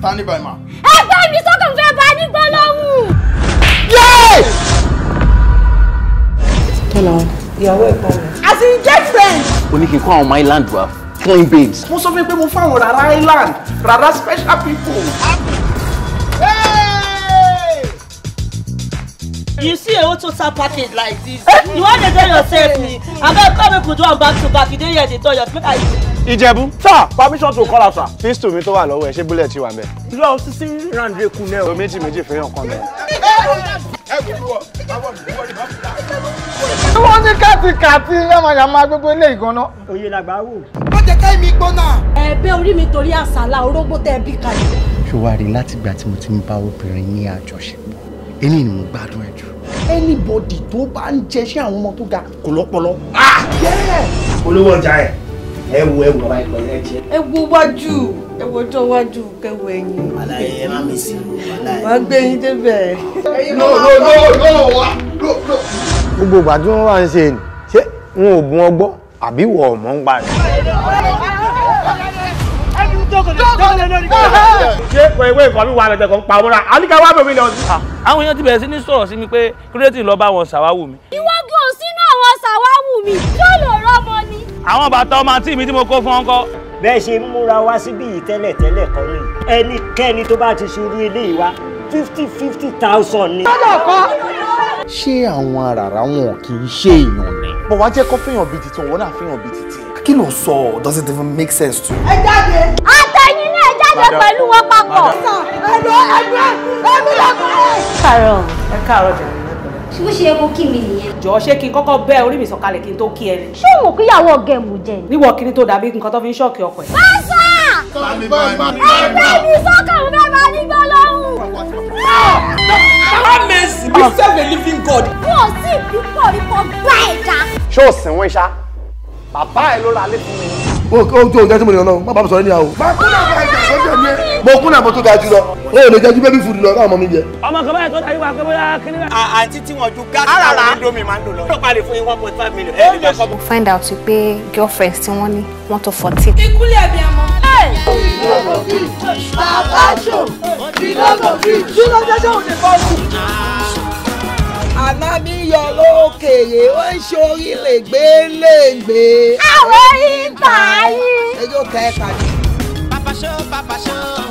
standing by ma. ẹgbẹ́ mi sọ́kàn fẹ́ bá ní gbólóhùn. tọ́lá ìyàwó ẹ̀kọ́ mi. as in girlfriend. o ní kí n kó àwọn island wa clean babes. mo sọ fún mi pé mo fáwọn rárá island rárá special people. You see a auto total package like this. You wan dey tell yourself ni abeg come make we do am back to back. You dey hear the door, your speaker is ìjẹ̀bú. sir permission to call out sir. pistol mi tó wà lọ́wọ́ ẹ̀ ṣé bullet ti wà mẹ́. lọ sí sí round rẹ kun náà. o méjì méjì fẹ́ràn kan mẹ́. wọ́n ní kàtìkàtì yamayama gbogbo ilé ìgànná. òye làgbà wò. ó jẹ́ ká mi gbóná. ẹ̀ẹ́bẹ́ orí mi torí àsálà orógbó tẹ́ bí kalẹ̀. ṣùwárí látìgbà tí mo ti ń bá obìnrin ní àjọṣepọ̀ eléyìí ni mo gbádùn ẹ̀ jù anybody tó bá ń jẹṣẹ́ àwọn ọmọ tó ga kò lọ́pọlọ. Ah! olówó ọjà ẹ̀ ẹ wo ọba ìpọ̀ ẹ jẹ. ẹ wo wájú ẹ wo wájú kẹwọ ẹ̀yìn. aláyé ẹ má mi sí i. wàá gbé yín débẹ̀. no no no no wa no no. gbogbo ìgbà tí wọ́n wá ń ṣe ni ṣé wọn ò gun ọgbọ́ àbí wọ̀ ọ̀ ń pa ṣé ìwé nǹkan mi wà kan pa àníkà wà bẹ̀rẹ̀ mi lọ. Ah, àwọn èèyàn ti bẹ̀rẹ̀ sí ní sọ̀rọ̀ sí mi pé kírẹ́tì lọ bá wọn ṣàwáwò mi. ìwọ sínú àwọn bàtà ọmọ àǹtí mi tí mo kó fún ọkọ. bẹ́ẹ̀ ṣe múra wá síbí yìí tẹ́lẹ̀ tẹ́lẹ̀ kọ́ ni ẹnikẹ́ni tó bá ti ṣerú ilé ìwà fifty fifty thousand ni. lọ́dọ̀ kọ́. ṣé àwọn àràrà wọn kì í ṣe èèyàn ni. mo wá jẹ́ kó fihàn bíi titi òun náà fihàn bíi titi. kí ló sọ doesn't even make sense to. ẹ jáde. àtẹ̀yìn náà jáde pẹ̀lú wọn papọ̀. ẹ̀rọ ẹ̀rọ ẹ̀mí lọ́kùnrin. ẹ káàárọ̀ ẹ káàárọ̀ jẹ́ ṣé bó ṣe yẹ kó kí mi nìyẹn. jọ ṣé kí n kọ́kọ́ bẹ́ orí mi sọ̀kalẹ̀ kí n tó kí ẹ ni. ṣé mo kíyàwó ọ̀gá ẹ̀ mú jẹ ni. níwọ̀ kí ni tó dàbí nǹkan tó fi ń ṣọ́ọ̀kì ọkọ̀ ẹ̀. pásá ẹgbẹ́ mi sọ́kà mi bá nígbà lọ́hùn. That means we oh. serve a living God. Wọ́n sì fi pọ̀rí pọ̀ gbá ẹ̀dá. Ṣé o sìn wọ́n ṣá? Bàbá ẹ̀ ló ra alẹ́ fún mi. O o jọ òǹdẹ́sí mi nìyẹn náà, má bàbá mi sọ̀rọ̀ ní ní mo kún náà mo tó ga jù lọ wọn ò lè ju bébí fúdi lọ káwọn ọmọ mi jẹ. ọmọ kan báyìí tó darí wa pé bóyá kíní. àǹtí tí wọ́n ju gáàsì àwọn indomie máa ń lò lọ. yóò palè fún yín one point five million. mo find out pé girlfriends tí wọ́n ní wọ́n tó fourteen. ìkúlẹ̀ ẹ̀bí ẹ̀mọ́. bàbá jò ìlọ́gọ̀ fi jùlọ jẹ́jẹ́ òde bọ́ọ̀lù. Àná mi yọ lókèyè, ó ń ṣe orí lègbè lègbè. Àwọn yìí ń tà yín. Ejò kẹ́ẹ̀ka ni. Papa show, papa show.